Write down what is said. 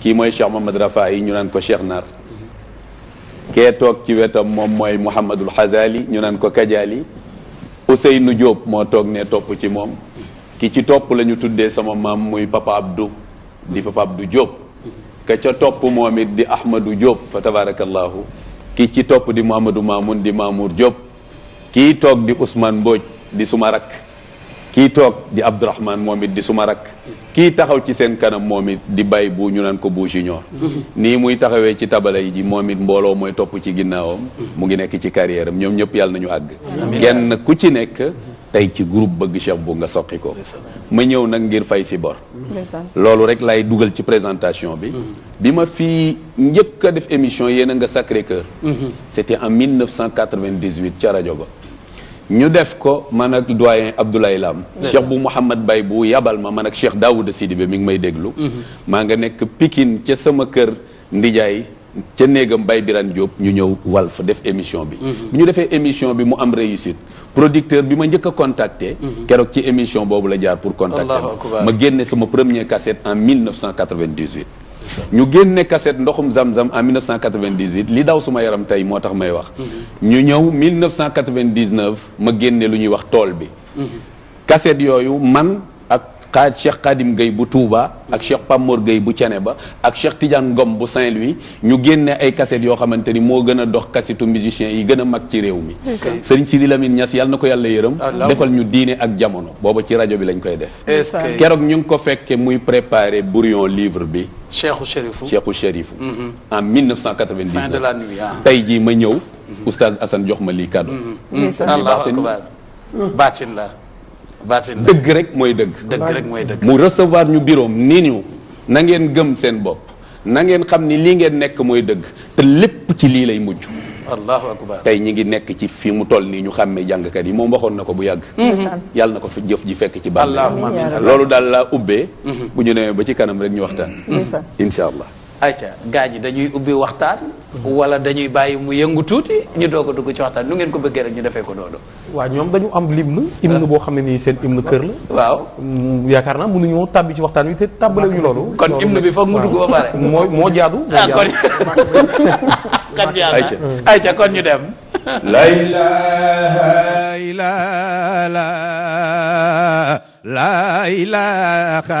kii mooy Cheikh Mohamad Rafa yi ñu naan ko Cheikh Naar kee toog ci wetam moom mooy Mouhamadul Xazali ñu naan ko Kajali Ousseynou Diop moo toog ne topp ci moom ki ci topp lañu tuddee sama maam muy Papa Abdou di Papa Abdou Diop ka ca topp moom it di Ahmadou Diop fa tabarakallahu ki ci topp di Mouhamadou Mamoun di Mamour Diop kii toog di Ousmane Mbodj di suma rakk kii toog di Abdourahman moom it di suma rakk kii taxaw ci seen kanam moom it di bay bu ñu naan ko bu junior nii muy taxawee ci tabala yi ji moom it mbooloo mooy topp ci ginnaawam mu ngi nekk ci carrière am ñoom ñëpp yàlla nañu àgg kenn ku ci nekk tey ci groupe bëgg chef bu nga soqi ko ma ñëw nag ngir fay si bor loolu rek lay dugal ci présentation bi mm-hmm. bi ma fii njëkk a def émission yéen a nga Sacré Cœur mm-hmm. c'était en 1998 ca rajo ba ñu def ko man ak doyen Abdoulaye Lam Cheikh bu Mouhamad Bay bu yabal ma man ak Cheikh Daouda Sidibé mi ngi may déglu mhm. maa nga nekk pikin ca sama kër ndijaay ca néegam Bay Birane Diop ñu ñëw Walf def émission bi mhm. ñu defee émission bi mu am réussite producteur bi ma njëkk a contacté mhm. keroog ci émission boobu la jaar pour contacter ma ma génne sama premier cassette en 1998 ñu génne cassette ndoxum zam-zam en 1998 li daw suma yaram tey moo tax may wax. ñu ñëw 1999 ma génne lu ñuy wax tool bi. kaset mhm. yooyu man ak. xaaj Cheikh Khadim géey bu Touba ak Cheikh Pamor Gueye bu ba ak Cheikh Tidiane Ngom bu Saint-Louis ñu génne ay kaset yoo xamante ni moo gën a dox kasetu musiciens yi gën a mag ci réew mi Serigne Sidi Lamine Niass yàlla na ko yàlla yërëm defal ñu diine ak jamono booba ci rajo bi lañ koy def keroog ñu ngi ko fekkee muy préparé brouillon livre bi Cheikhou Chérifou Cheikhou Chérifou mm-hmm. en 1999 fin de la nuit ah. tey jii ma ñëw mm-hmm. Oustaz Assane jox ma lii cadeau mm-hmm. baatin la baatin dëgg rek mooy dëgg. dëgg mooy dëgg. mu recevoir ñu biroom nii ñu na ngeen gëm seen bopp na ngeen xam ni lii ngeen nekk mooy dëgg te lépp ci lii lay mujj. allahu akbar tey ñi ngi nekk ci fi mu toll nii ñu xàmmee jàngkat yi moom waxoon na ko bu yàgg. yàlla na ko fi jëf ji fekk ci. allahumma amiin loolu daal laa ubbee. Mhm. bu ñu newee ba ci kanam rek ñu waxtaan. incha allah. ayca gaa ñi dañuy ubbi waxtaan. Mhm. wala dañuy bàyyi mu yëngu tuuti ñu doog a dugg ci waxtaan nu ngeen ko bëggee rek ñu defee ko noonu. waaw ñoom dañu am hymne. Ah. hymne boo xam ne nii seen hymne kër la. waaw mm, yaakaar naa mënuñoo tàbbi ci waxtaan wi te tàbbalewuñu loolu. kon hymne bi foog mu dugg ba pare. moo moo jaadu. ah kon xam nga ayca kon ñu dem. la ilaha illallah la ilaha